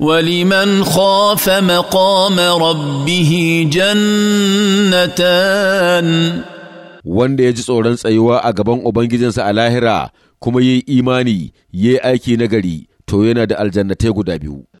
ولمن خاف مقام ربه جنتان wanda ya ji tsoron tsayuwa a gaban Ubangijinsa a lahira kuma ya yi imani ya yi aiki nagari to yana da aljannatai guda biyu.